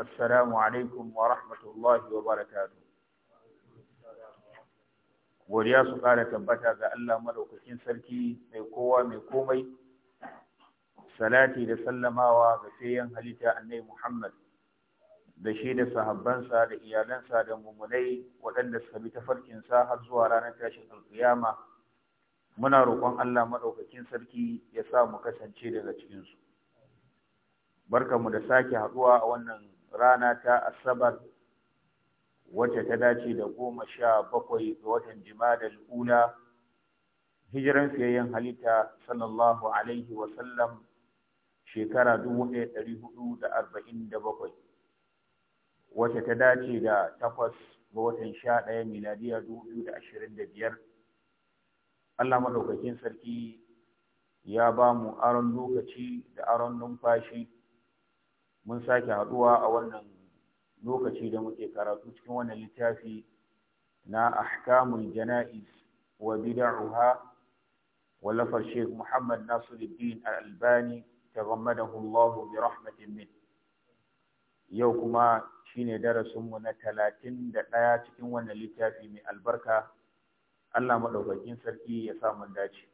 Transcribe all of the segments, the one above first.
السلام عليكم ورحمة الله وبركاته godiya su ƙara tabbata ga Allah maɗaukakin sarki mai kowa mai komai salati da sallamawa ga sayan halitta nai Muhammad da shi da sahabbansa da iyalansa da mummunai waɗanda suka bi sa har zuwa ranar tashin alƙiyama muna roƙon Allah maɗaukakin sarki ya sa mu kasance daga cikinsu barkanmu da sake haɗuwa a wannan rana ta asabar wacce ta dace da goma sha bakwai ga watan jimadal ula hijiran fiyayyen halitta sallallahu alaihi wasallam shekara dubu ɗaya ɗari da arba'in da bakwai wacce ta dace da takwas ga watan sha ɗaya miladiya dubu biyu da ashirin da biyar allah maɗaukakin sarki ya ba mu aron lokaci da aron numfashi mun sake haɗuwa a wannan lokaci da muke karatu cikin wannan littafi na ahkamul jana'is wa bid'uha walafar Sheikh Muhammad Nasiruddin Al-Albani tagammadahu Allah bi rahmatin min yau kuma shine darasin mu na 31 cikin wannan littafi mai albarka Allah madaukakin sarki ya sa mun dace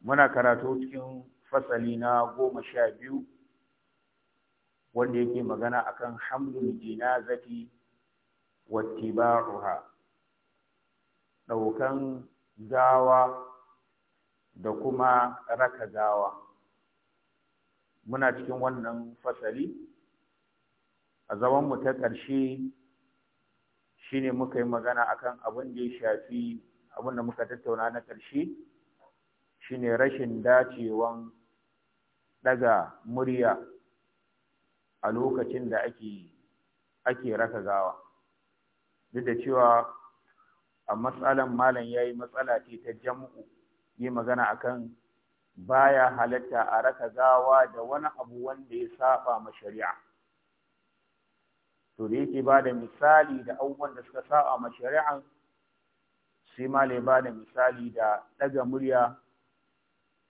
muna karatu cikin fasali na goma sha biyu wanda yake magana akan hamlul jinazati wattiba'uha daukan gawa da kuma raka gawa muna cikin wannan fasali a zaman mu ta ƙarshe shine muka yi magana akan abin da ya shafi abin da muka tattauna na ƙarshe shine rashin dacewan daga murya a lokacin da ake ake raka gawa duk da cewa a matsalan malam ya yi matsala ce ta jam'u yi magana akan baya halatta a raka gawa da wani abu wanda ya saba ma shari'a to da yake ba da misali da abubuwan da suka saba ma shari'a sai malai ba da misali da ɗaga murya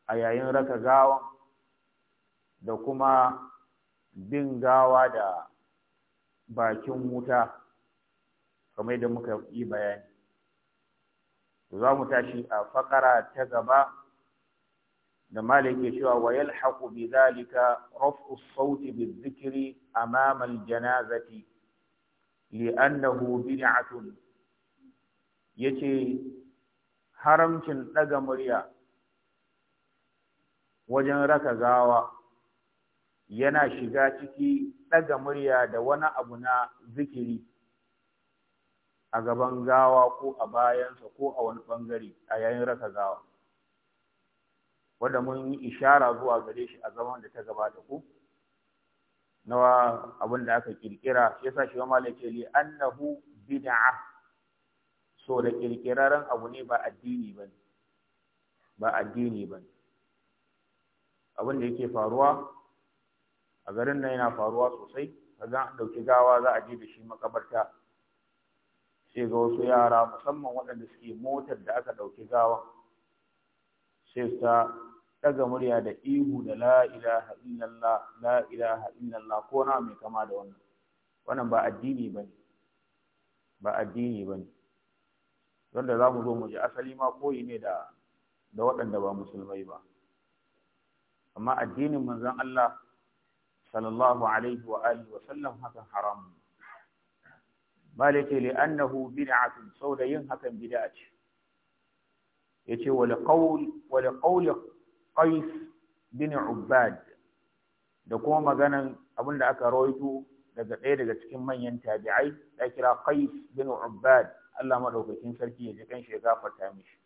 a yayin raka gawa da kuma bin gawa da bakin wuta kamar da muka yi bayani za mu tashi a fakara ta gaba da malin ke cewa wa yalhaqu bi zalika raf'u as-sawti bi-dhikri amama al-janazati annahu bid'atun yace haramcin daga murya wajen raka gawa yana shiga ciki ɗaga murya da wani abu na zikiri a gaban gawa ko a bayansa ko a wani ɓangare a yayin raka gawa wanda mun yi ishara zuwa gare shi a zaman da ta gabata ko na abin da aka kirkira shi yasa shi malam ce li annahu bid'a so da kirkiraren abu ne ba addini bane ba addini bane abin da yake faruwa a garin nan yana faruwa sosai ka ga dauki gawa za a je da shi makabarta sai ga wasu yara musamman waɗanda suke motar da aka dauki gawa sai ta daga murya da ihu da la ilaha illallah la ilaha illallah ko na mai kama da wannan wannan ba addini bane ba addini bane wanda za mu zo mu ji asali ma koyi ne da da waɗanda ba musulmai ba amma addinin manzon Allah sallallahu alaihi wa alihi sallam hakan haramun malike li annahu bid'atun saboda yin hakan bid'a ce yace wal qawl wal qawl qais bin ubad da kuma maganan abinda aka rawaito daga ɗaya daga cikin manyan tabi'ai da kira qais bin ubad Allah madaukakin sarki ya ji kan shi ya gafarta mishi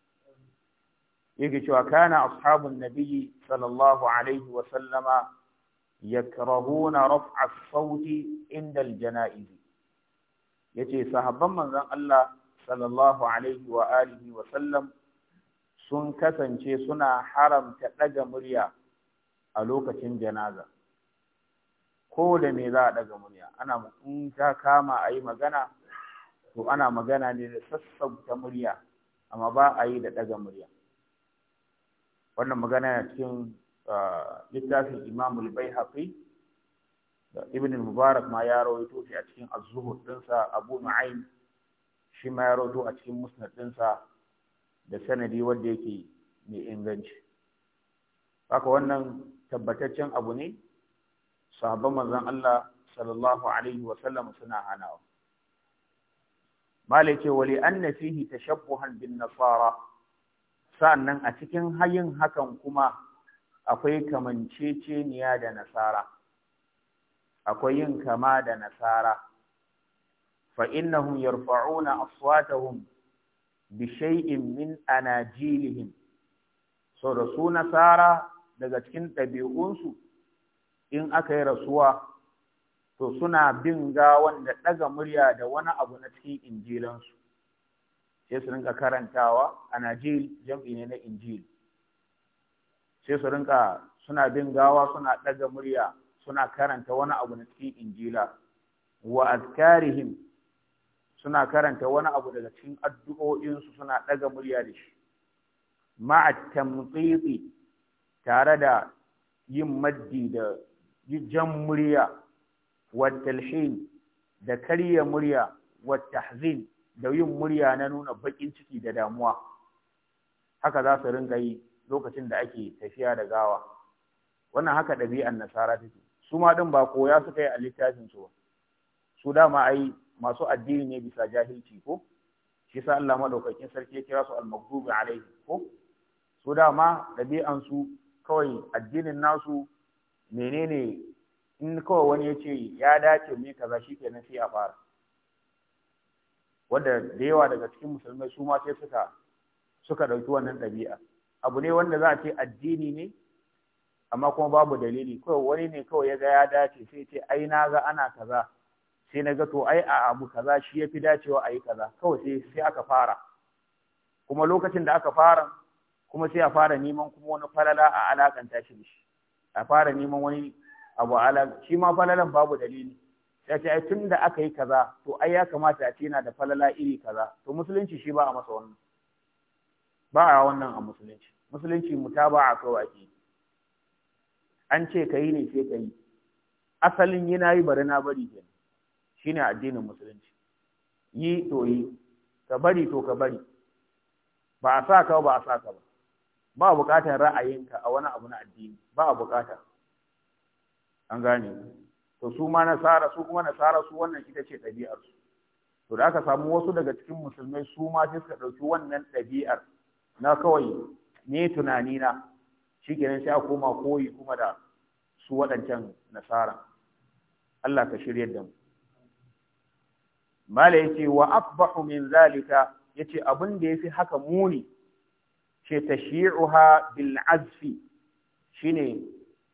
yake cewa kana ashabun nabiyyi sallallahu alaihi wa sallama yakrahuna raf'a sawti inda al yace sahabban manzon Allah sallallahu alaihi wa alihi wa sallam sun kasance suna haramta daga murya a lokacin janaza ko da me za a daga murya ana in ta kama ayi magana to ana magana ne da sassauta murya amma ba a yi da daga murya wannan magana cikin littafin Imam bai haƙi da Ibn Mubarak ma ya rawaito shi a cikin az ɗinsa Abu ma'ain shi ma ya rawaito a cikin Musnad ɗinsa da sanadi wanda yake mai inganci haka wannan tabbataccen abu ne sahabban manzon Allah sallallahu alaihi wa sallam suna hanawa malai ce wali anna fihi tashabbuhan bin nasara sa'annan a cikin hayin hakan kuma akwai kamanceceniya da nasara akwai yin kama da nasara fa innahum yarfa'una aswatahum bi shay'in min anajilihim so da su nasara daga cikin ɗabi'unsu in aka yi rasuwa to suna bin gawan da ɗaga murya da wani abu na cikin injilansu sai su rinka karantawa a jam'i ne na Injili. sai su rinka suna bin gawa suna ɗaga murya suna karanta wani abu na cikin injila wa azkarihim suna karanta wani abu daga cikin addu'o'insu suna ɗaga murya da shi ma'a tamtsitsi tare da yin maddi da jan murya wa talhin da karya murya wa tahzin da yin murya na nuna baƙin ciki da damuwa haka za su rinka yi lokacin da ake tafiya da gawa wannan haka ɗabi'an nasara take su ma ɗin ba koya suka yi a littafin su ba su dama ai masu addini ne bisa jahilci ko shi sa Allah madaukakin sarki ya kira su al-maghdubi alaihi ko su dama ɗabi'an su kawai addinin nasu menene in kawai wani ya ce ya dace mu kaza shikenan sai a fara wanda da yawa daga cikin musulmai su ma sai suka suka ɗauki wannan ɗabi'a abu ne wanda za a ce addini ne amma kuma babu dalili kawai wani ne kawai ya ga ya dace sai ce ai na ga ana kaza sai na ga to ai a abu kaza shi ya fi dacewa a yi kaza kawai sai sai aka fara kuma lokacin da aka fara kuma sai a fara neman kuma wani falala a alakanta shi da shi a fara neman wani abu ala shi ma falalan babu dalili ya ce ai tun da aka yi kaza to ai ya kamata a ce yana da falala iri kaza to musulunci shi ba a masa wannan ba a wannan a musulunci musulunci mutaba'a a ake an ce ka yi ne sai ka yi asalin yi na yi bari na bari ke ne addinin musulunci yi to yi ka bari to ka bari ba a sa ka ba a sa ka ba ba a bukatar ra'ayinka a wani abu na addini ba a bukata an gane to su ma nasara su kuma nasara su wannan ita ce ɗabi'ar su to da aka samu wasu daga cikin musulmai su ma sai suka ɗauki wannan ɗabi'ar na kawai ne tunanina shi kenan sai a koma koyi kuma da su waɗancan nasara Allah ka shirya da mu mala yace wa asbahu min zalika yace abin da ya fi haka muni ce tashi'uha bil azfi shine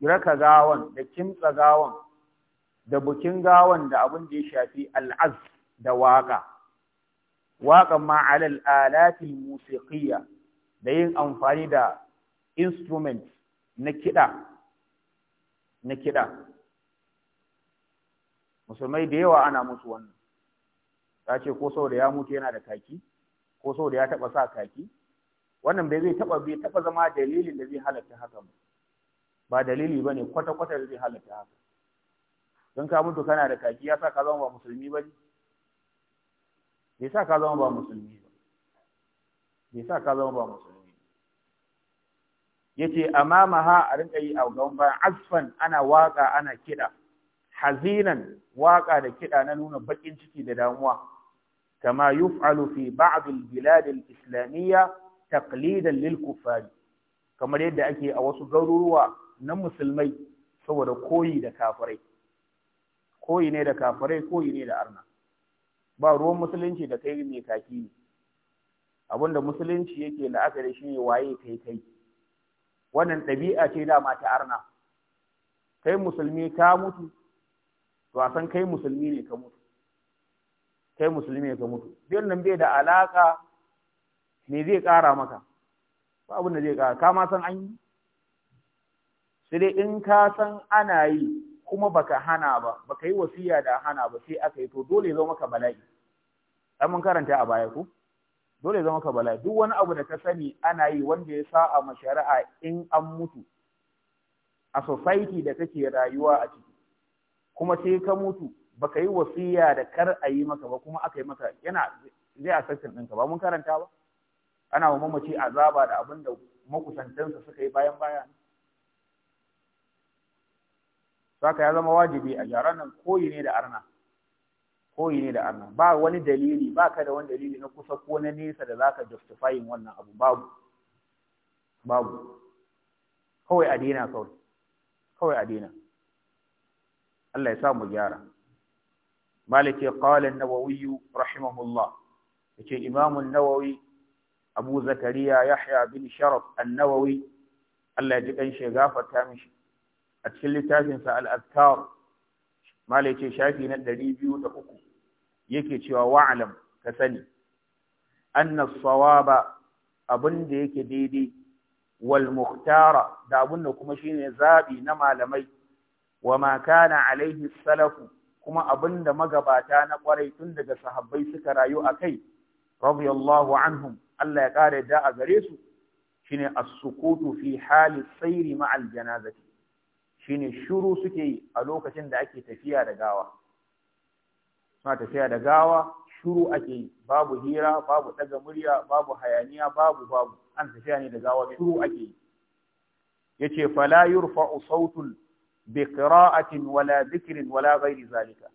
raka gawan da kimtsa gawan da bukin gawan da abin da ya shafi al da waƙa. waƙan ma alal musiƙiyya musiqiyya da yin amfani da instrument na kiɗa na kiɗa musulmai da yawa ana musu wannan ta ce ko sau da ya mutu yana da kaki ko sau da ya taɓa sa kaki wannan bai zai taɓa bai taɓa zama dalilin da zai halatta haka ba ba dalili ba ne kwata-kwata da zai halatta haka don ka mutu kana da kaki ya sa ka zama ba musulmi ba ne bai sa ka zama ba musulmi bai sa ka zama ba musulmi yace amama ha a rinka yi a gaban bayan asfan ana waka ana kiɗa hazinan waka da kiɗa na nuna baƙin ciki da damuwa kama yuf'alu fi ba'd al-bilad al-islamiyya taqlidan lil kuffar kamar yadda ake a wasu garuruwa na musulmai saboda koyi da kafirai koyi ne da kafirai koyi ne da arna ba ruwan musulunci da kai mai kaki ne da musulunci yake la'akari shi ne waye kai kai wannan ɗabi'a ce dama ta arna kai musulmi ka mutu to a san kai musulmi ne ka mutu kai musulmi ne ka mutu biyan nan bai da alaƙa. me zai ƙara maka ba abin da zai ƙara ka ma san an yi sai dai in ka san ana yi kuma baka hana ba baka yi wasiya da hana ba sai aka yi to dole zo maka bala'i amma mun karanta a baya ku dole zama ka bala duk wani abu da ka sani ana yi wanda ya sa'a ma shari'a in an mutu a society da kake rayuwa a ciki kuma sai ka mutu baka yi wasiya da kar a yi maka ba kuma aka yi maka yana zai a sassan ɗinka ba mun karanta ba ana wa mamaci azaba da abin da makusantansa suka yi bayan baya saka ya zama wajibi a yaran nan koyi ne da arna koyi ne da Allah? ba wani dalili ba ka da wani dalili na kusa ko na nesa da zaka justifying wannan abu babu babu kawai a daina kawai kawai a daina Allah ya sa mu gyara maliki qala an-nawawi rahimahullah yace imam an-nawawi abu zakariya yahya bin sharaf an-nawawi Allah ya ji kan shi gafarta mishi a cikin littafinsa al-azkar malai ce shafi na ɗari biyu da uku yake cewa wa'alam ka sani anna sawaba abin da yake daidai wal muhtara da abin da kuma shine zabi na malamai wa ma kana alaihi salafu kuma abin da magabata na kwarai tun daga sahabbai suka rayu a kai radiyallahu anhum Allah ya kare da a gare su shine as-sukutu fi hali sayri ma'al janazati shine shiru suke yi a lokacin da ake tafiya da gawa suna tafiya da gawa shiru ake yi babu hira babu daga murya babu hayaniya babu babu an tafiya ne da gawa shuru ake yi yace fala yurfa'u sautul bi qira'atin wala dhikrin wala ghairi zalika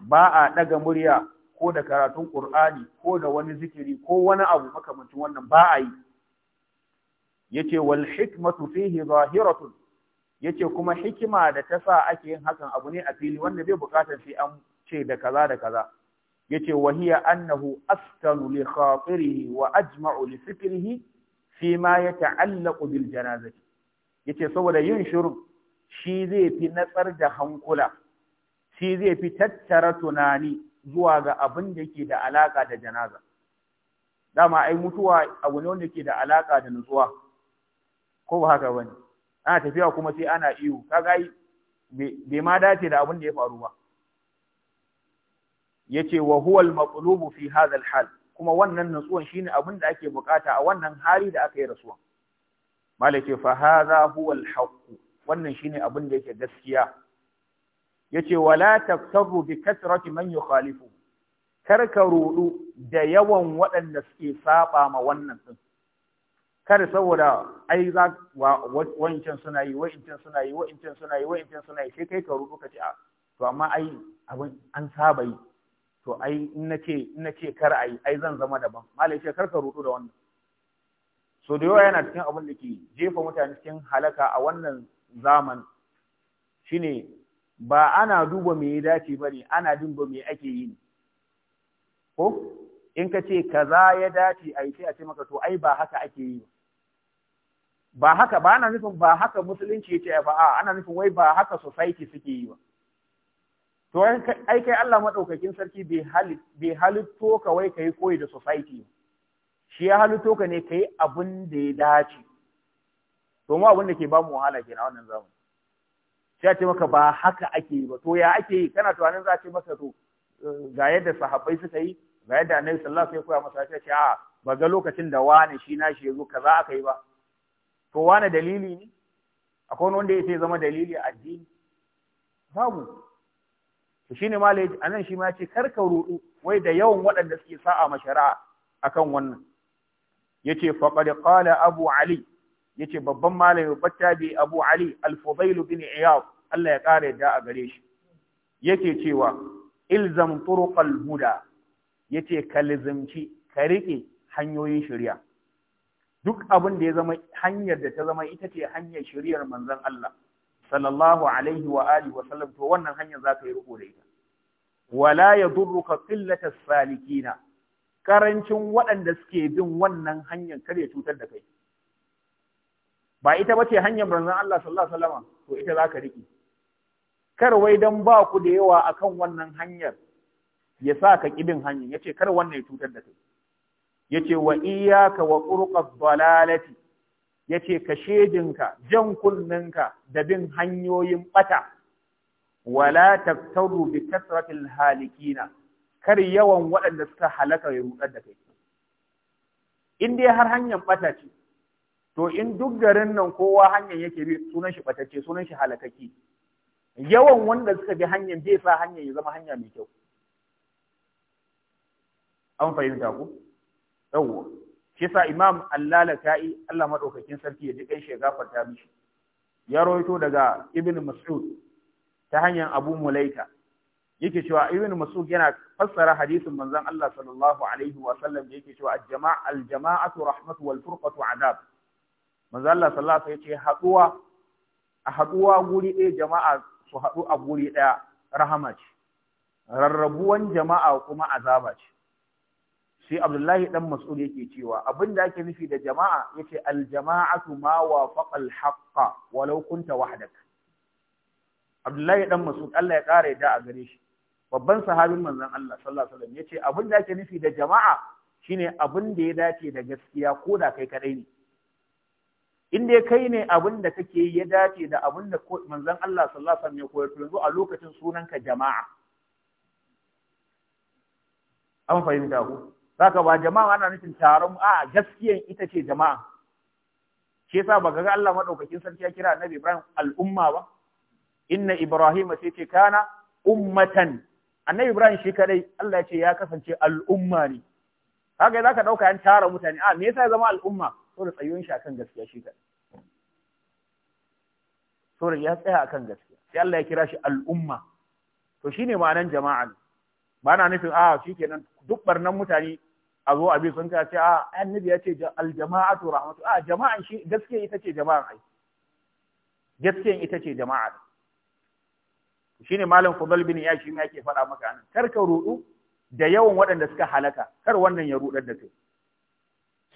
ba a daga murya ko da karatun qur'ani ko da wani zikiri ko wani abu makamancin wannan ba a yi yace wal hikmatu fihi zahiratun yace kuma hikima da ta sa ake yin hakan abu ne a fili wanda bai bukatar sai an ce da kaza da kaza yace wahiya annahu askanu li khatirihi wa ajma'u li fikrihi fi ma yata'allaqu bil janazati yace saboda yin shiru shi zai fi natsar da hankula shi zai fi tattara tunani zuwa ga abin da yake da alaka da janaza dama ai mutuwa abu ne wanda yake da alaka da nutsuwa ko ba haka bane ana tafiya kuma sai ana iyo kaga yi? bai ma dace da abin da ya faru ba yace wa huwa al-maqlubu fi hadha al-hal kuma wannan nutsuwan shine abin da ake bukata a wannan hali da aka yi rasuwa malake fa hadha huwa al-haqq wannan shine abin da yake gaskiya yace wala taktaru bi kasrati man yukhalifu karka rudu da yawan waɗanda suke saba ma wannan din kada saboda ai za wancan suna yi wa'incan suna yi wa'incan suna yi wa'incan suna yi sai kai ka rubuta ka ce a to amma ai abin an saba yi to ai in nace ce in nace kar ai ai zan zama daban malai ce kar ka rubuta da wannan so da yawa yana cikin abin da ke jefa mutane cikin halaka a wannan zaman shine ba ana duba me ya dace ba ne ana duba me ake yi ne ko in ka ce kaza ya dace a yi sai a ce maka to ai ba haka ake yi ba ba haka ba ana nufin ba haka musulunci yace ba a ana nufin wai ba haka society suke yi ba to ai kai Allah madaukakin sarki bai hali bai to ka wai kai koyi da society shi ya to ka ne kai abin da ya dace to mu abin da ke ba mu wahala na wannan zamani sai a ce maka ba haka ake yi ba to ya ake yi kana tunanin za a ce maka to eh, ga yadda sahabbai suka yi ga yadda annabi sallallahu alaihi wasallam ya koya masa sai ce a ba ga lokacin da wani shi na shi yazo kaza aka yi ba to wane dalili ne akwai wanda ya zama dalili a addini babu to shine malai anan shi ma ya ce karka rudu wai da yawan waɗanda suke sa'a ma akan wannan yace faqad qala abu ali yace babban malami battabi abu ali al-fudail bin iyad Allah ya kare da a gare shi yake cewa ilzam turuqal huda yace ka lizamci ka riƙe hanyoyin shirya. duk abin da ya zama hanyar da ta zama ita ce hanyar shiriyar manzon Allah sallallahu alaihi wa alihi wa sallam to wannan hanyar zaka yi riko da ita wala yadurruka qillatu salikina karancin waɗanda suke bin wannan hanyar kar ya cutar da kai ba ita bace hanyar manzon Allah sallallahu alaihi wa sallam to ita zaka riki kar wai dan ba ku da yawa akan wannan hanyar ya sa ka kibin hanyar yace kar wannan ya cutar da kai yace wa iyyaka wa turqad dalalati yace ka shedinka jan kunninka da bin hanyoyin bata wala taktaru bi kasratil halikina kar yawan waɗanda suka halaka ya rudar da kai in dai har hanyar bata ce to in duk garin nan kowa hanyar yake bi sunan shi batacce sunan shi halakaki yawan wanda suka bi hanyar zai sa hanyar ya zama hanya mai kyau an fahimta ku yawwa shi yasa imam allalaka'i Allah madaukakin sarki ya ji kai shi gafarta mishi ya rawaito daga ibn mas'ud ta hanyar abu mulaika yake cewa ibn mas'ud yana fassara hadisin manzon Allah sallallahu alaihi wa sallam yake cewa al-jama'a al-jama'atu rahmatu wal furqatu adab manzon Allah sallallahu alaihi yace haduwa a haduwa guri ɗaya jama'a su haɗu a guri ɗaya rahama ce rarrabuwan jama'a kuma azaba ce sai abdullahi dan mas'ud yake cewa abin da ake nufi da jama'a yace al jama'atu ma wafaqa al haqqa walau kunta wahdak abdullahi dan mas'ud Allah ya kare da a gare shi babban sahabin manzon Allah sallallahu alaihi wasallam yace abin da ake nufi da jama'a shine abin da ya dace da gaskiya ko da kai kadai ne in dai kai ne abin da kake ya dace da abin da manzon Allah sallallahu alaihi wasallam ya koyar yanzu a lokacin sunanka jama'a an fahimta ku Saka ba jama'a ana nufin taron a gaskiyan ita ce jama'a. Shi yasa ba ga Allah madaukakin sarki ya kira Annabi Ibrahim al'umma ba. Inna Ibrahim sai ce kana ummatan. Annabi Ibrahim shi kadai Allah ya ce ya kasance al'umma ne. Haka za ka ɗauka yan tara mutane, a me yasa ya zama al'umma? da tsayuwar shi akan gaskiya shi kadai. da ya tsaya akan gaskiya. Sai Allah ya kira shi al'umma. To shine ma'anan jama'a. ne. Ba na nufin a kenan duk barnan mutane a zo abin sun ce a annabi ya ce aljama'atu rahmatu a jama'an shi gaskiya ita ce jama'a. ai ita ce jama'a shine malam fadal bin ya shi yake faɗa maka anan kar ka rudu da yawan waɗanda suka halaka kar wannan ya rudar da kai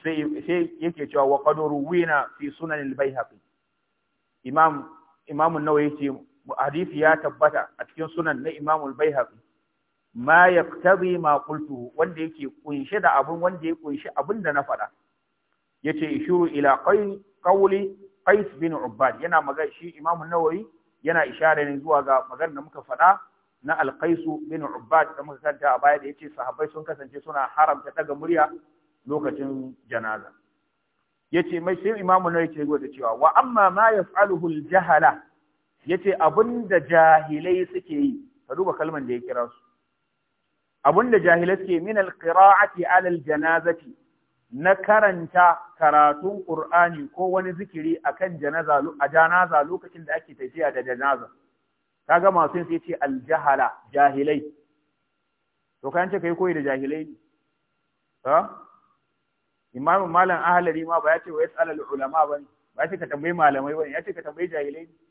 sai sai yake cewa wa qad ruwina fi sunan al-baihaqi imam imam an-nawawi ce hadisi ya tabbata a cikin sunan na imam al-baihaqi ma yaqtabi ma qultu wanda yake kunshe da abun wanda ya kunshi abun da na faɗa yace ishuru ila qawli Qais bin ubad, yana magana shi Imam Nawawi yana ishara ne zuwa ga maganar da muka faɗa na al qais bin ubad, da muka kanta a baya da yace sahabbai sun kasance suna haramta daga murya lokacin janaza yace mai sai Imam Nawawi ce da cewa wa amma ma yaf'aluhu al-jahala yace abinda jahilai suke yi ka duba kalman da ya kira su da jahilai suke min alqira'ati ala aljanazati na karanta karatun Qur'ani ko wani zikiri akan janaza a janaza lokacin da ake tafiya da janaza kaga masu yin sai ce aljahala jahilai to kan ce kai koyi da jahilai ne ha imamu malam ahlari ma ba ya ce wa yas'al ulama bane ba ya ce ka tambayi malamai ne. ya ce ka tambayi jahilai ne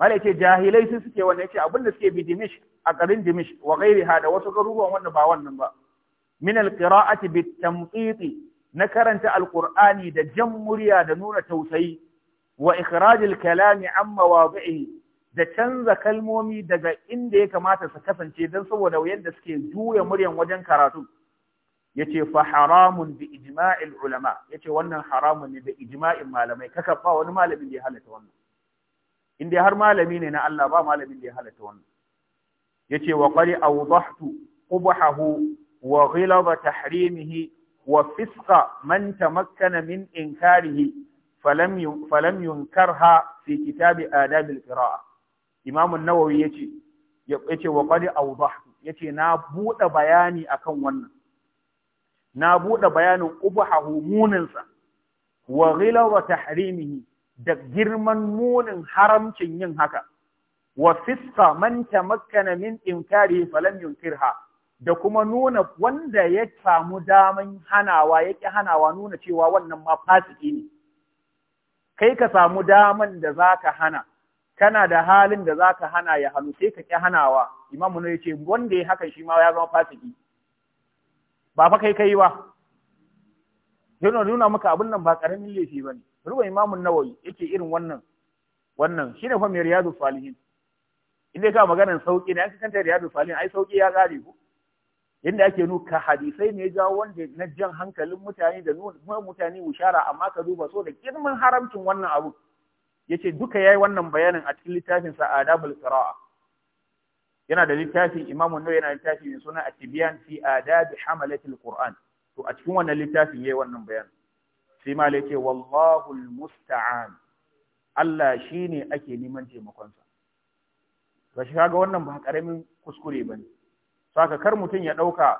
mala yace jahilai su suke wannan yace abin da suke bi dimish a garin dimish wa ghairiha hada wasu garuruwan wanda ba wannan ba min alqira'ati bitamqiti na karanta alqur'ani da jan murya da nuna tausayi wa ikhraj alkalami an mawadi'i da canza kalmomi daga inda ya kamata su kasance dan saboda yadda suke juya muryan wajen karatu yace fa haramun bi ijma'il ulama yace wannan haramun ne da ijma'in malamai kaka ba wani malamin da ya halatta wannan Inda har malami ne na Allah ba malamin da ya halatta wannan yace wa qari awdahtu qubhahu wa ghilaba tahrimihi wa fisqa man tamakkana min inkarihi falam falam yunkarha fi kitabi adabil al-qira'a Nawawi ya ce yace yace wa qari Ya ce na buɗe bayani akan wannan na bude bayanin qubhahu muninsa. wa ghilaba tahrimihi da girman munin haramcin yin haka wa fiska man makana min inkari falam yunkirha da kuma nuna wanda ya samu daman hanawa ƙi hanawa nuna cewa wannan ma fasiki ne kai ka samu daman da za ka hana kana da halin da za ka hana ya hannu sai ka ƙi hanawa imamu ne ce, wanda ya haka shi ma ya zama fasiki ba fa kai kai ba yana nuna muka abin nan ba ƙaramin laifi ba ne. ruwan imamu nawawi yake irin wannan wannan shine fa mai riyadu salihin inda ka maganar sauki ne an kanta riyadu salihin ai sauki ya kare ku Inda ake ka hadisai ne jawo wanda na jan hankalin mutane da nuna mutane ushara amma ka duba so da girman haramcin wannan abu yace duka yayi wannan bayanin a cikin littafin sa adabul qira'a yana da littafin imamu nawawi yana littafi mai suna at fi adabi hamalatil qur'an to a cikin wannan littafin yayi wannan bayanin sai ma ce wallahul musta'an Allah shi ne ake neman taimakonsa sa shi kaga wannan ba karamin kuskure ne saka kar mutum ya ɗauka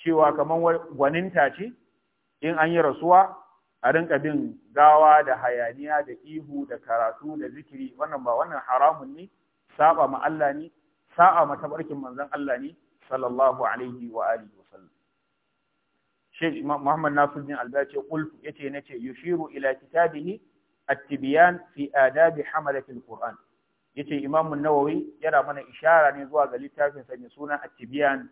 cewa kamar gwaninta ce in an yi rasuwa a rinka bin gawa da hayaniya da ihu da karatu da zikiri wannan ba wannan haramun ne saba ma Allah ne sa'a ma tabarkin manzon Allah ne sallallahu alaihi wa alihi Sheikh Muhammad Nasiruddin Albani ce qultu yace nace yushiru ila kitabihi at-tibyan fi adabi hamalati al-Qur'an yace Imam an-Nawawi yana mana ishara ne zuwa ga littafin sa mai suna at-tibyan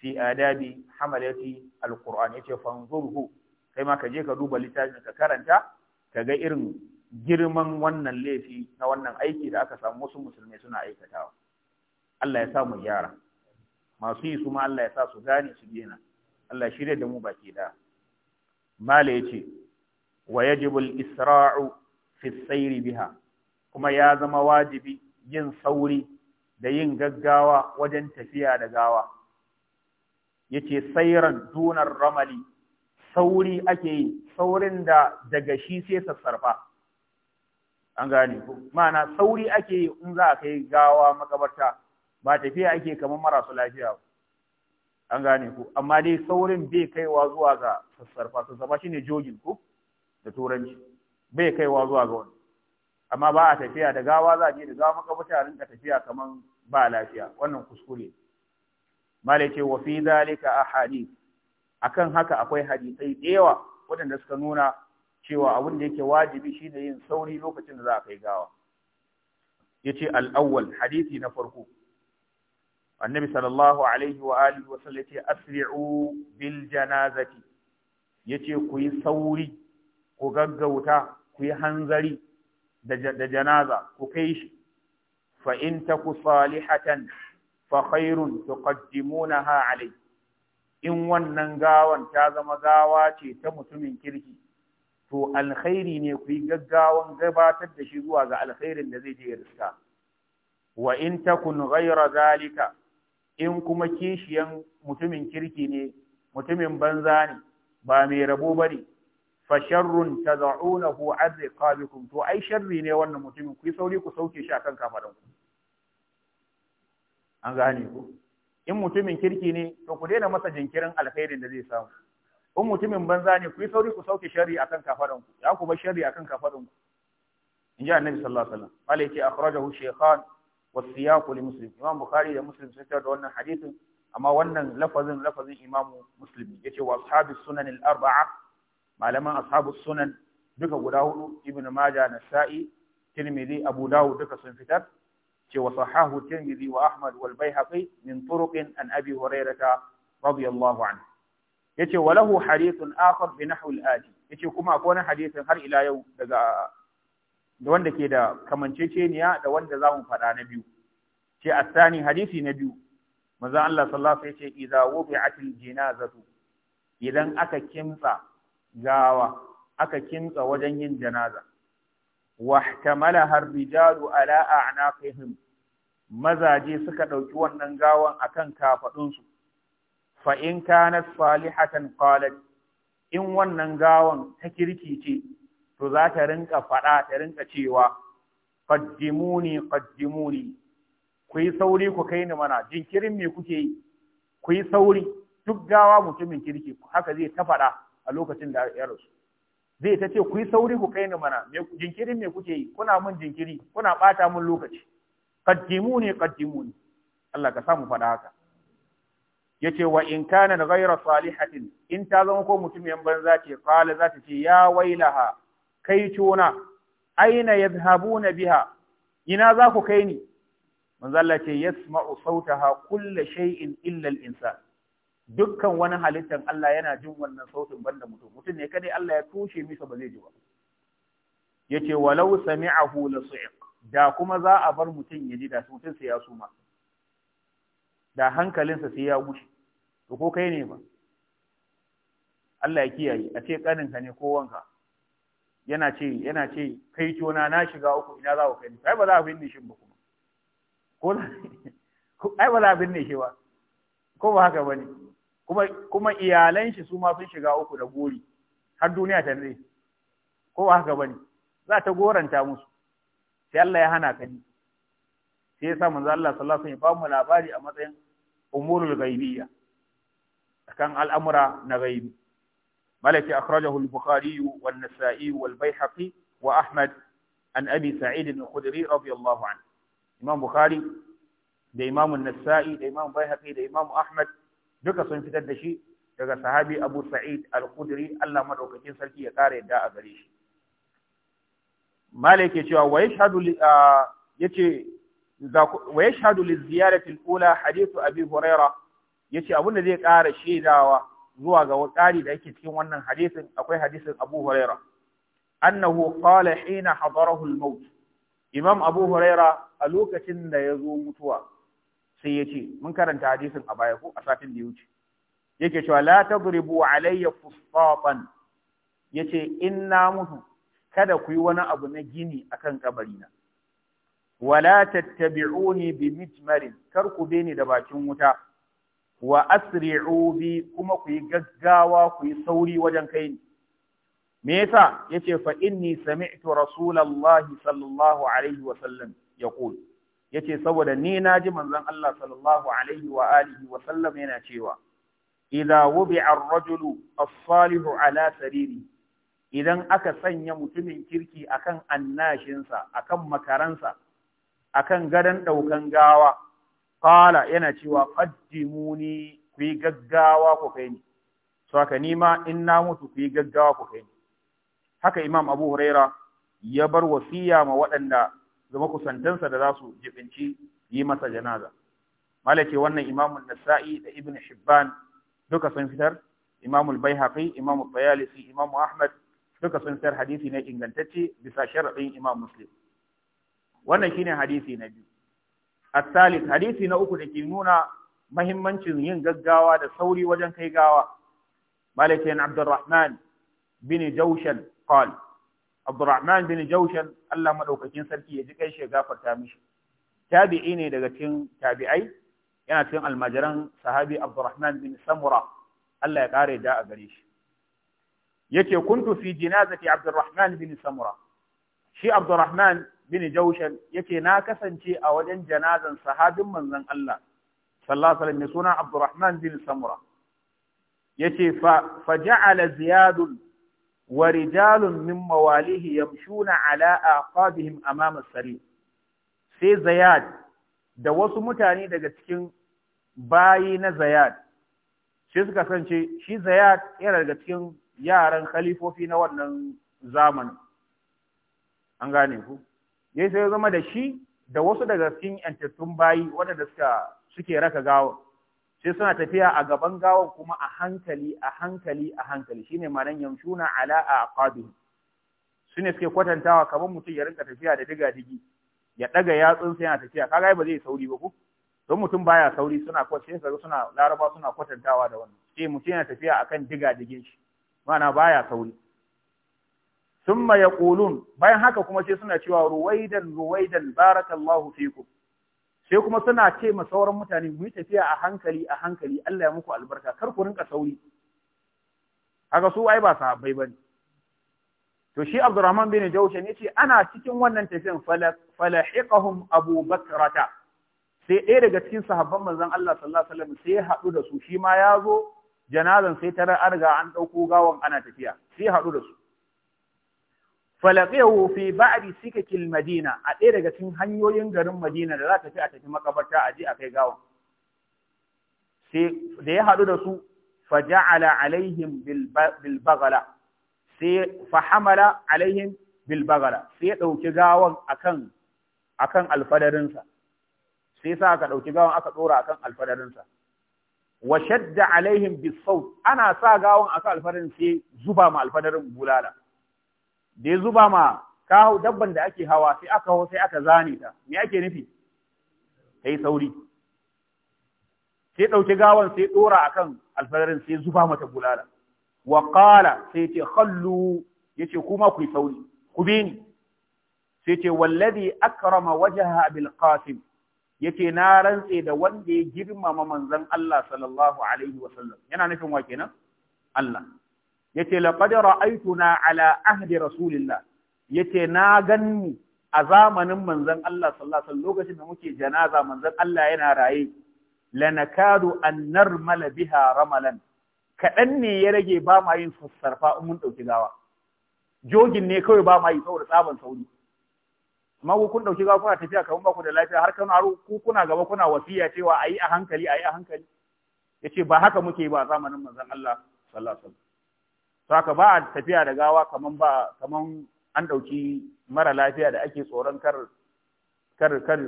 fi adabi hamalati al-Qur'an yace fanzurhu kai ma ka je ka duba littafin ka karanta ka ga irin girman wannan laifi na wannan aiki da aka samu wasu musulmai suna aikatawa Allah ya sa mu gyara masu yi su ma Allah ya sa su gane su gina Allah shirya da mu baki da mala yace wa yajibu al-isra'u fi sayri biha kuma ya zama wajibi yin sauri da yin gaggawa wajen tafiya da gawa yace sayran dunar ramali sauri ake yi saurin da daga shi sai sassarfa an gane ko ma'ana sauri ake yi in za a kai gawa makabarta ba tafiya ake kamar marasu lafiya ba an gane ku amma dai saurin bai kaiwa zuwa ga sassarfa sassarfa shine jogin ku da turanci bai kaiwa zuwa ga wani amma ba a tafiya da gawa za a je da gawa makabuta a tafiya kaman ba lafiya wannan kuskure malai ce wa fi zalika ahadith akan haka akwai hadisai da yawa waɗanda suka nuna cewa abin da yake wajibi shine yin sauri lokacin da za a kai gawa yace al-awwal hadisi na farko annabi sallallahu alaihi wa alihi wa sallam yace asri'u bil janazati yace ku yi sauri ku gaggauta ku yi hanzari da janaza ku kai shi fa in taku salihatan fa khairun tuqaddimunaha alai in wannan gawan ta zama gawa ce ta mutumin kirki to alkhairi ne ku yi gaggawan gabatar da shi zuwa ga alkhairin da zai je ya riska wa in takun ghayra zalika in kuma kishiyan mutumin kirki ne mutumin banza ne ba mai rabo ba ne fa sharrun tad'unahu an riqabikum to ai sharri ne wannan mutumin ku sauri ku sauke shi akan kafadan ku an gane ku in mutumin kirki ne to ku daina masa jinkirin alkhairin da zai samu in mutumin banza ne ku yi sauri ku sauke sharri akan kafadan ku ya ku bar sharri akan kafadan ku in ji annabi sallallahu alaihi wasallam malai ce akhrajahu shaykhan wasiyaqu li muslim imam bukhari da muslim sun da wannan hadisin amma wannan lafazin lafazin imam muslim yace wa ashabi sunan al arba'a malaman ashabu sunan duka guda hudu ibn majah nasa'i tirmidhi abu dawud duka sun fitar ce wa sahahu tirmidhi wa ahmad wal baihaqi min turuqin an abi hurairah radiyallahu anhu yace wa lahu hadithun akhar bi nahwi al ati yace kuma akwai wani hadithin har ila yau daga da wanda ke da kamanceceniya da wanda za mu faɗa na biyu ce asani hadisi na biyu Maza Allah sallallahu alaihi wasallam ce idza wubi'atil su. idan aka kimtsa gawa aka kimtsa wajen yin janaza wahtamalaha ar ala'a ala a'naqihim mazaje suka ɗauki wannan gawan akan kafaɗunsu fa in kanat salihatan qalat in wannan gawan ta kirki ce to za ta rinka faɗa ta rinka cewa qaddimuni qaddimuni ku yi sauri ku kai ni mana jinkirin me kuke yi ku yi sauri duk gawa mutumin kirki haka zai ta faɗa a lokacin da ya rasu zai ta ce ku yi sauri ku kai ni mana jinkirin me kuke yi kuna mun jinkiri kuna ɓata mun lokaci qaddimuni qaddimuni Allah ka sa mu faɗa haka yace wa in kana ghayra salihatin in ta zama ko mutum yan banza ce qala za ta ce ya wailaha kai cona aina yadhhabuna biha ina za ku kai ni manzo Allah ce yasma'u sautaha kullu shay'in illa al-insan dukkan wani halittan Allah yana jin wannan sautin banda mutum mutum ne kada Allah ya tushe masa ba zai ji ba yace walau sami'ahu la su'iq da kuma za a bar mutum ya ji da mutum sai ya suma da hankalinsa sai ya gushe to ko kai ne ba Allah ya kiyaye a ce kaninka ne ko wanka yana ce yana ce kai tona na shiga uku ina za ku kai ni ai ba za a binne shi ba kuma ko ai ba za a binne shi ba ko ba haka bane kuma kuma iyalan shi su ma sun shiga uku da gori har duniya ta ne ko ba haka bane za ta goranta musu sai Allah ya hana ka ni sai sa manzo Allah sallallahu alaihi wasallam ya ba mu labari a matsayin umurul ghaibiyya kan al'amura na ghaibi ملك أخرجه البخاري والنسائي والبيحقي وأحمد عن أبي سعيد الخدري رضي الله عنه إمام بخاري da Imam Nasa'i da Imam Baihaqi da Imam Ahmad duka sun fitar da shi daga sahabi Abu Sa'id Al-Khudri Allah madaukakin sarki ya kare yadda a gare shi Malik ya cewa wa yashhadu yace wa yashhadu li ziyarati al-ula hadithu Abi Huraira yace abin da zai ƙara shaidawa zuwa ga wakari da yake cikin wannan hadisin akwai hadisin Abu Huraira annahu qala hina hadarahu al-maut Imam Abu Huraira a lokacin da ya zo mutuwa sai ya ce mun karanta hadisin a baya ko a satin da ya wuce yake cewa la tadribu alayya fustatan yace inna mutu kada ku yi wani abu na gini akan kabarina wala tattabi'uni bi mijmarin kar ku ni da bakin wuta wa asri'u bi kuma ku yi gaggawa ku yi sauri wajen kai ni me yasa yace fa inni sami'tu rasulullahi sallallahu alaihi wa sallam yaqul yace saboda ni naji manzon Allah sallallahu alaihi wa alihi wa sallam yana cewa idza wubi'a ar-rajulu as-salihu ala sariri idan aka sanya mutumin kirki akan annashinsa akan makaransa akan gadan daukan gawa Kala yana cewa qaddimuni ku yi gaggawa ku kai ni su haka nima in na mutu ku yi gaggawa ku kai ni haka imam abu huraira ya bar wasiya ma waɗanda zama kusantansa da za su jibinci yi masa janaza malake wannan imamun nasa'i da ibn Shibban duka sun fitar imamul baihaqi Imamul Bayalisi, imamu ahmad duka sun fitar hadisi na ingantacce bisa sharaɗin imam muslim wannan shine hadisi na biyu hadisi na uku da ke nuna mahimmancin yin gaggawa da sauri wajen kai gawa. Malikin Abdurrahman bin Jaushan qal Abdurrahman bin Jaushan Allah madaukakin sarki ya ji kai shi gafarta mishi. Tabi'i ne daga cikin tabi'ai yana cikin almajiran sahabi Abdurrahman bin Samura Allah ya kare da a gare shi. Yace kuntu fi jinazati Abdurrahman bin Samura. Shi Abdurrahman bin Jaushan yace na kasance a wajen janazan sahabin manzon Allah sallallahu alaihi wasallam suna Abdurrahman bin Samura yace fa faja'ala Ziyad wa rijalun min mawalihi yamshuna ala aqabihim amama as-sarir sai Ziyad da wasu mutane daga cikin bayi na Ziyad shi suka kasance shi Ziyad yana daga cikin yaran khalifofi na wannan zamanin an gane ku ya sai zama da shi da wasu daga cikin yantattun bayi waɗanda suka suke raka gawa sai suna tafiya a gaban gawan kuma a hankali a hankali a hankali shine ma'anar yamshuna ala su sune suke kwatantawa kamar mutum ya rinka tafiya da diga digi ya ɗaga yatsun sai yana tafiya kaga ba zai sauri ba ku? don mutum baya sauri suna kwace sai suna laraba suna kwatantawa da wannan sai eh, mutum yana tafiya akan diga digin shi ma'ana baya sauri ثم يقولون bayan haka kuma sai suna cewa ruwaidan ruwaidan barakallahu fiikum sai kuma suna ce ma sauran mutane mu tafiya a hankali a hankali Allah ya muku albarka kar ku rinka sauri haka su ai ba sahabbai bane to shi Abdurrahman bin Jawshan yace ana cikin wannan tafiyan falahiqahum Abu Bakrata sai ɗaya daga cikin sahabban manzon Allah sallallahu alaihi wasallam sai ya haɗu da su shi ma ya zo janazan sai ta riga an ɗauko gawan ana tafiya sai ya haɗu da su falaqiyahu fi ba'di sikakil madina a ɗaya daga cikin hanyoyin garin madina da za ta fi a tafi makabarta a je a kai gawan sai da ya haɗu da su faja'ala alaihim bil bagala sai fahamala alaihim bil bagala sai ya ɗauki gawan akan akan alfadarinsa sai sa aka ɗauki gawan aka ɗora akan alfadarinsa wa shadda alaihim bis saut ana sa gawan akan alfadarin sai zuba ma alfadarin bulala da ya zuba ma kawo dabban da ake hawa sai aka hau sai aka zane ta me ake nufi yi sauri sai ɗauki gawan sai ɗora akan alfadarin sai zuba mata bulala wa ƙala sai ce Ya ce kuma ku sauri ku bi ni sai ce wallazi akrama wajha bil qasim yace na rantse da wanda ya girmama manzon Allah sallallahu alaihi wasallam yana nufin wa kenan Allah yace laqad ra'aytuna ala ahdi rasulillah yace na ganmu a zamanin manzon Allah sallallahu alaihi lokacin da muke janaza manzon Allah yana raye lanakadu an narmala biha ramalan kaɗan ne ya rage ba ma yin sassarfa mun ɗauki gawa jogin ne kawai ba ma yi saboda tsaban sauri amma ku kun ɗauki gawa kuna tafiya kamar ba ku da lafiya har kan aro ku kuna gaba kuna wasiya cewa a a hankali a a hankali yace ba haka muke ba zamanin manzon Allah sallallahu alaihi wasallam haka ba a tafiya da gawa kamar ba an ɗauki mara lafiya da ake tsoron kar kar kar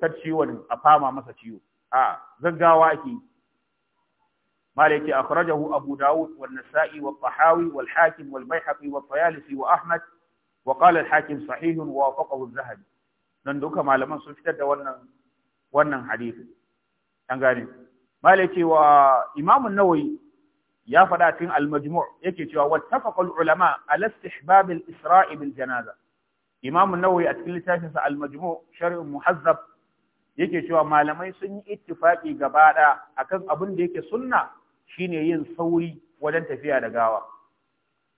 kar ciwon a fama masa ciwo a gaggawa ake Maliki, akhrajahu abu daud wa nasa'i wa tahawi wal hakim wal baihaqi tayalisi wa ahmad wa qala al hakim sahihun wa waqahu al zahabi duka malaman sun fitar da wannan wannan hadisi an wa imam an-nawawi ya faɗa cikin al yake cewa wattafaqa ulama ala istihbab al-isra'i bil janaza imam an-nawawi a cikin littafin sa al muhazzab yake cewa malamai sun yi ittifaqi gaba ɗaya akan abin da yake sunna shine yin sauri wajen tafiya da gawa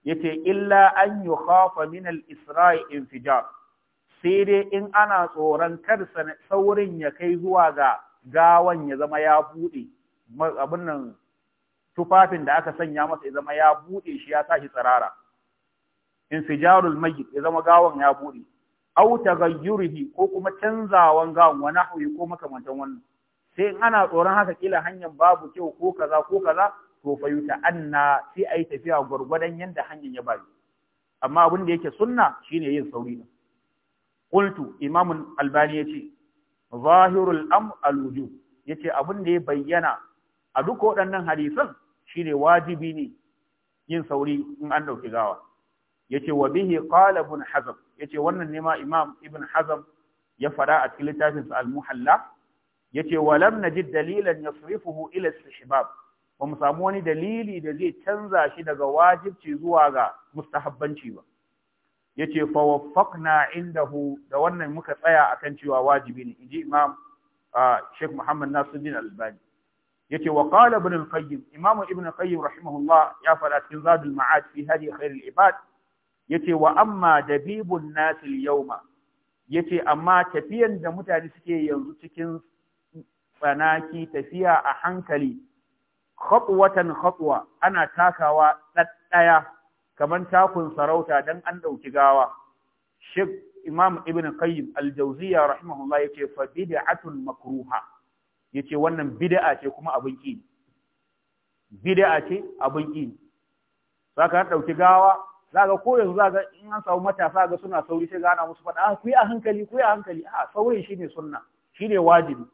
yace illa an yukhafa min al-isra'i infijar sai dai in ana tsoron kar saurin ya kai zuwa ga gawan ya zama ya buɗe abin nan tufafin da aka sanya masa ya zama ya buɗe shi ya sa shi tsirara infijarul majid ya zama gawan ya buɗe ga taghayyurihi ko kuma canzawan gawan wa nahwi ko makamantan wannan sai in ana tsoron haka kila hanyar babu kyau ko kaza ko kaza to fa Anna sai ai tafiya gurgurdan yanda hanyar ya bari amma abin da yake sunna shine yin sauri ne qultu imam albani yace zahirul am al yace abin da ya bayyana a duk waɗannan hadisan shine wajibi ne yin sauri in an dauki gawa yace wa bihi qala ibn hazm yace wannan ne ma imam ibn hazm ya fara a cikin littafin sa al-muhalla yace wa lam najid dalilan yasrifuhu ila istihbab ba mu samu wani dalili da zai canza shi daga wajibci zuwa ga mustahabbanci ba yace fa waffaqna indahu da wannan muka tsaya akan cewa wajibi ne inji imam ah, Sheikh Muhammad Nasiruddin Albani yace wa qala ibn al-qayyim imam ibn al-qayyim rahimahullah ya fara cikin zadul ma'ad fi hadi khair al-ibad yace wa amma dabibun nas al-yawma yace amma tafiyan da mutane suke yanzu cikin tsanaki tafiya a hankali khatwatan khatwa ana takawa daddaya kaman takun sarauta dan an dauki gawa shek imam ibn qayyim al-jawziyya rahimahullah yace fa bid'atun makruha yace wannan bid'a ce kuma abin ki bid'a ce abin ki Za ka dauki gawa zaka ko yanzu zaka in an samu matasa ga suna sauri sai gana musu fada ah, ku yi a hankali ku yi a hankali a sauri shine sunna shine wajibi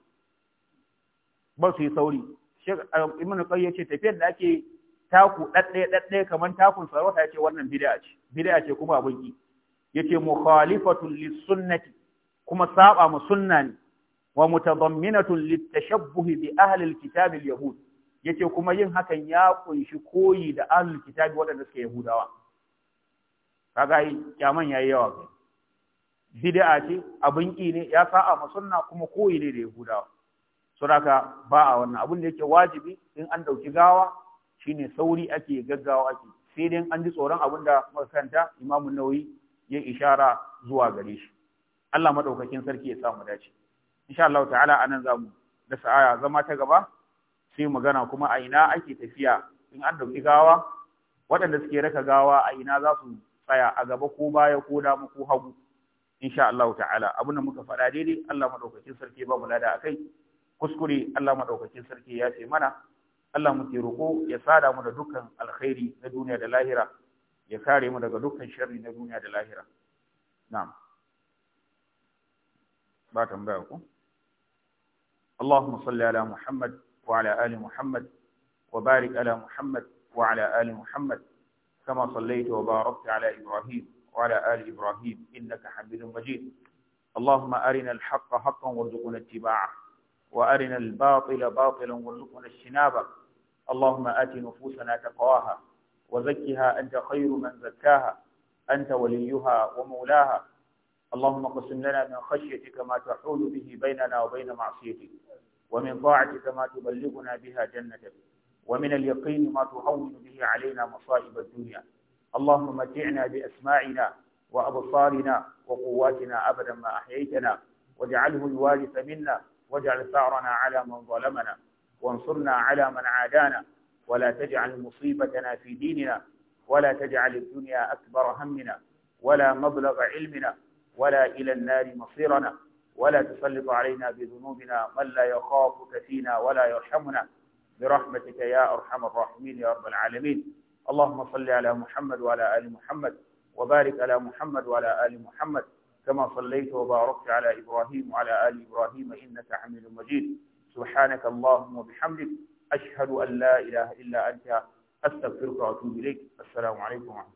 ba su yi sauri Sheikh eh, Ibn Qayyim yace tafiyar da ake taku daddaye daddaye kamar takun sarauta yace wannan bid'a ce bid'a ce kuma abin ki yace mukhalifatul lis sunnati kuma saba mu sunna ne wa mutadamminatun litashabbuhi bi ahli alkitab alyahud yace kuma yin hakan ya kunshi koyi da ahli kitab waɗanda suke yahudawa kaga yi kyaman yayi yawa kai bid'a ce abin ki ne ya sa'a ma sunna kuma koyi ne da yahudawa saboda ba a wannan abin da yake wajibi in an dauki gawa shine sauri ake gaggawa ake sai dai an ji tsoron abin da makaranta, imamu nawawi ya ishara zuwa gare shi Allah madaukakin sarki ya samu dace insha Allah ta'ala anan zamu da sa'a zama ta gaba sai magana kuma a ina ake tafiya in an dauki gawa waɗanda suke raka gawa a ina za su tsaya a gaba ko baya ko mu ko hagu insha Allah ta'ala abin muka faɗa daidai Allah madaukakin sarki ba mu lada akai kuskure Allah madaukakin sarki ya ce mana Allah muke roko ya sada mu da dukkan alkhairi na duniya da lahira ya kare mu daga dukkan sharri na duniya da lahira na'am ba tambaya ku اللهم صل على محمد وعلى آل محمد وبارك على محمد وعلى آل محمد كما صليت وباركت على إبراهيم وعلى آل إبراهيم إنك حميد مجيد اللهم أرنا الحق حقا وارزقنا اتباعه وأرنا الباطل باطلا وارزقنا اجتنابه اللهم آت نفوسنا تقواها وزكها أنت خير من زكاها أنت وليها ومولاها اللهم اقسم لنا من خشيتك ما تحول به بيننا وبين معصيتك ومن طاعتك ما تبلغنا بها جنتك ومن اليقين ما تهون به علينا مصائب الدنيا اللهم متعنا بأسماعنا وأبصارنا وقواتنا أبدا ما أحييتنا واجعله الوارث منا واجعل ثارنا على من ظلمنا وانصرنا على من عادانا ولا تجعل مصيبتنا في ديننا ولا تجعل الدنيا أكبر همنا ولا مبلغ علمنا ولا إلى النار مصيرنا ولا تسلط علينا بذنوبنا من لا يخافك فينا ولا يرحمنا برحمتك يا أرحم الراحمين يا رب العالمين اللهم صل على محمد وعلى آل محمد وبارك على محمد وعلى آل محمد كما صليت وباركت على إبراهيم وعلى آل إبراهيم إنك حميد مجيد سبحانك اللهم وبحمدك أشهد أن لا إله إلا أنت أستغفرك وأتوب إليك السلام عليكم ورحمة الله